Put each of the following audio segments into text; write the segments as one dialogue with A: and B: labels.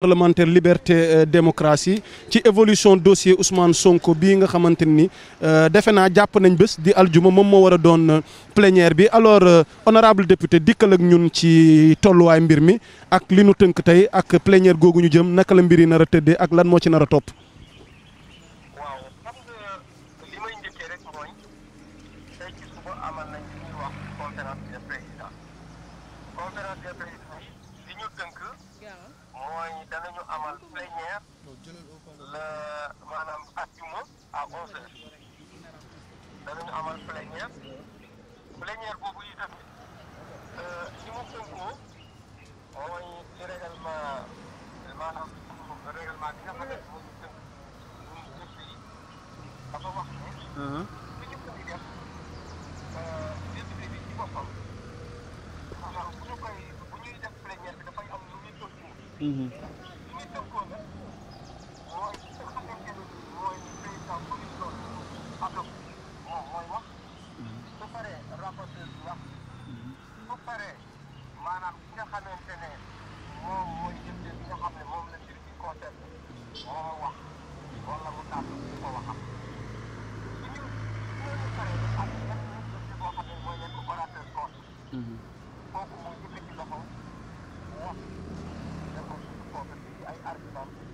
A: parlementaire liberté euh, démocratie ci évolution dossier Ousmane Sonko bii nga xamante ni euh, defe naa jàpp nañ bés di aljuma moom moo war a doon euh, plénière bi alors honorable député dikkal ñun ci tolluwaay mbir mi ak li nu tënk tey ak plénière googu ñu jëm naka la mbir yi nar a tëddee ak lan moo ci nar a topp. tënk.
B: mooy danañu amal plénière. le maanaam a à 11h. danañu amal plénière. Mm-hmm.
A: kooku moo jëkkati loxo wax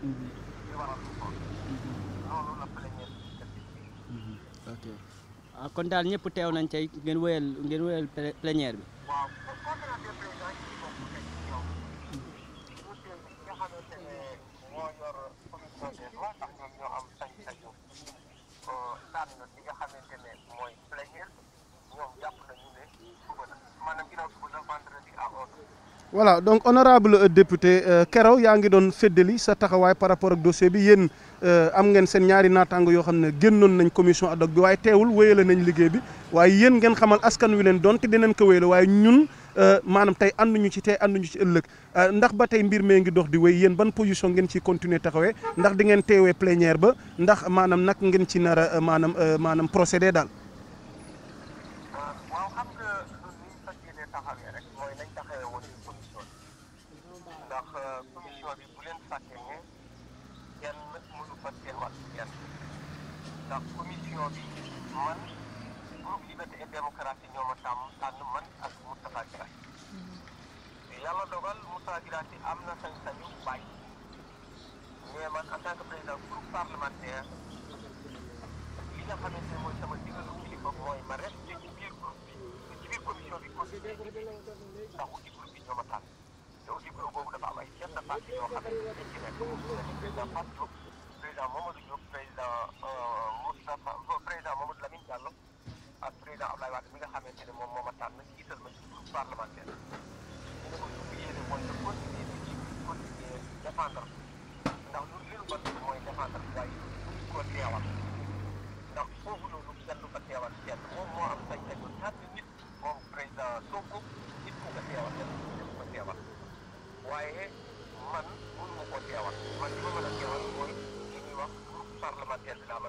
A: li mm-hmm. waral ah, kon daal ñëpp teew nañ cay ngeen wéyal ngeen wéyal bi mm-hmm. voilà donc honorable euh, député euh, Keraw yaa ngi doon féddali sa taxawaay par rapport ak dossier bi yéen euh, am ngeen seen ñaari naataango yoo xam ne génnoon nañ commission ad hoc bi waaye teewul wéyale nañ liggéey bi waaye yéen ngeen xamal askan wi leen donte dinañ ko wéyale waaye ñun maanaam tey ñu ci tey ñu ci ëllëg ndax ba tey mbir mee ngi dox di woy yéen ban position ngeen ciy continuer taxawee ndax di ngeen teewee plénière ba ndax maanaam nag ngeen ci nar maanaam maanaam procédé daal.
B: population bi bu leen fàtte ne kenn mënu fa teewal kenn ndax commission bi man groupe liberté et démocratie ñoo ma tàmm tànn man ak Moustapha Guirassy mhm. yàlla dogal Moustapha Guirassy am na sañ-sañu bàyyi man en tant président Fatou président Mamadou Diop président Moustapha président Mamadou Lamine Diallo ak président Abdoulaye Wade mi nga xamante ne moom moo ma tànn gisal ma ci groupe parlementaire ñu ne ko suñu yéene mooy de continuer di ci continuer défendre ndax lu li ñu ko def mooy défendre waaye buñ ko teewal ndax foofu noonu kenn du ko teewal kenn moom moo am sañ-sañu tànn nit moom président Sonko Mhm.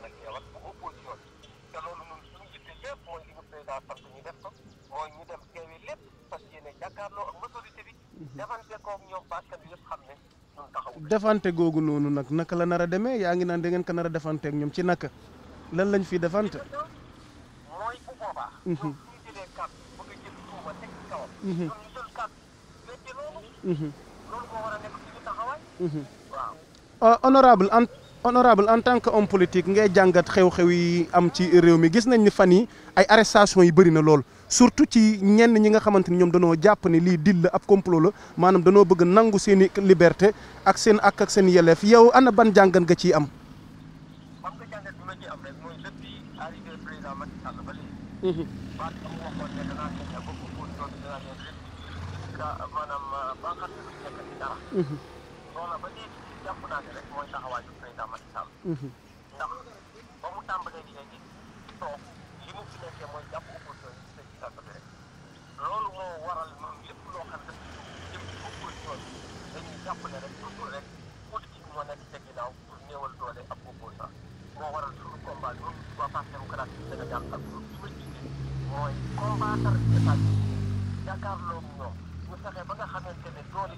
A: parlementaire defante googu noonu nag naka la nar a demee yaa ngi naan da ngeen ko nar a defante ak ñoom ci naka lan lañ fi defante mooy bu honorable ant honorable en tant que homme ngay jàngat xew-xew yi am ci réew mi gis nañ ni fan yi ay arrestation yi bëri na lool surtout ci ñenn ñi nga xamante ni ñoom danoo jàpp ne lii dil la ab complot la maanaam danoo bëgg nangu seeni i liberté ak seen ak ak seen yelleef yow ana ban jàngat nga ciy am.
B: jàpp naa ne rek mooy taxawaayu président Macky Sall. Mhm. ndax ba mu tàmbalee di léegi toog mu fi nekkee mooy jàpp opposition yi ci sa bi rek loolu moo waral ñun lépp loo xam ne jëm ci opposition bi dañuy jàpp ne rek toujours rek politique moo nekk ca ginnaaw pour néewal doole ab opposant moo waral suñu combat ñun waa parti démocratique du Sénégal ak groupe bi ma jiite mooy combattre état bi jàkkaarloo ñoom ñu fexe ba nga xamante ne doole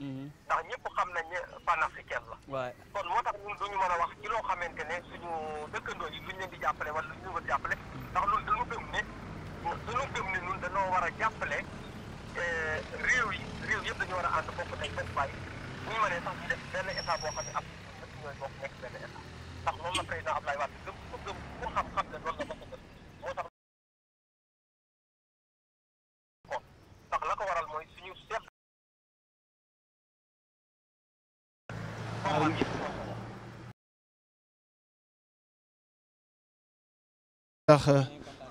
A: Mm-hmm. ndax ñëpp xam nañ ne
B: panafricaine la kon moo tax ñun duñu mën a wax ci loo xamante ne suñu dëkkandoo yi luñ leen di jàppale wala luñ leen di ndax loolu dañu gëm ne dañu gëm ne ñun dañoo war a jàppale eh, réew yi réew yëpp dañu war a ànd bokk ay benn bàyyi bu ñu mënee sax def benn état boo ne ab ñooy bokk nekk benn état xam-xam
A: ndax euh,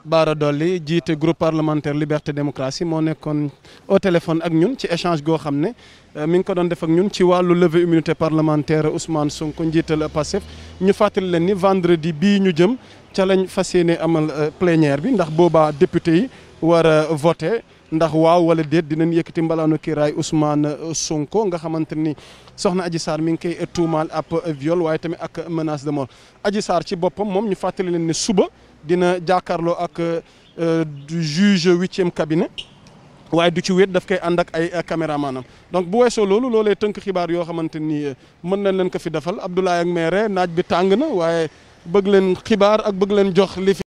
A: Bara Dolly jiite groupe parlementaire liberté démocratie moo nekkoon au téléphone ak ñun ci échange goo xam ne euh, mi ngi ko doon def ak ñun ci wàllu levée immunité parlementaire Ousmane Sonko njiital Pastef ñu fàttali leen ni vendredi bii ñu jëm ca lañ fas yéene amal euh, plénière bi ndax boobaa député yi war a ndax waaw wala déet dinañ yëkkati mbalaanu kiiraay Ousmane Sonko nga xamante ni soxna Adji Sarr mi ngi koy tuumaal ab viol waaye tamit ak menace de mort Adji saar ci boppam moom ñu fàttali leen ne suba dina jàkkaarloo ak euh, juge huitième cabinet waaye du ci wéet daf koy ànd ak ay caméramanam donc bu weesoo loolu loolee tënk xibaar yoo xamante ni euh, mën na leen ko fi defal Abdoulaye ak maire naaj bi tàng na waaye bëgg leen xibaar ak bëgg leen jox li